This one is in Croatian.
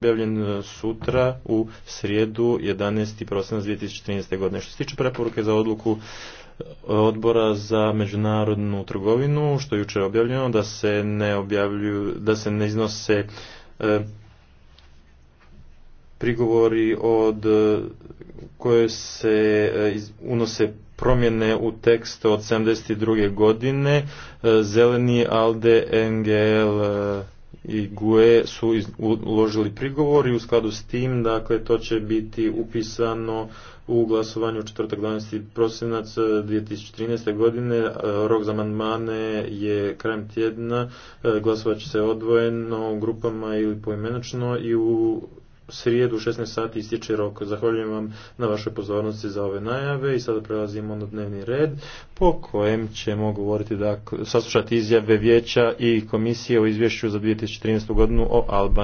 objavljen e, sutra u srijedu 11. prosinac 2013. godine. Što se tiče preporuke za odluku e, odbora za međunarodnu trgovinu, što je jučer objavljeno, da se ne objavljuju, da se ne iznose e, prigovori od koje se unose promjene u tekst od 72. godine, zeleni ALDE NGL i GUE su uložili prigovor i u skladu s tim, dakle, to će biti upisano u glasovanju 4.12. prosinac 2013. E, godine. E, rok za amandmane je krajem tjedna. E, glasovat će se odvojeno u grupama ili poimenačno i u srijedu 16 sati ističe rok. Zahvaljujem vam na vašoj pozornosti za ove najave i sada prelazimo na dnevni red po kojem ćemo govoriti da dakle, saslušati izjave vijeća i komisije o izvješću za 2013. godinu o Albaniji.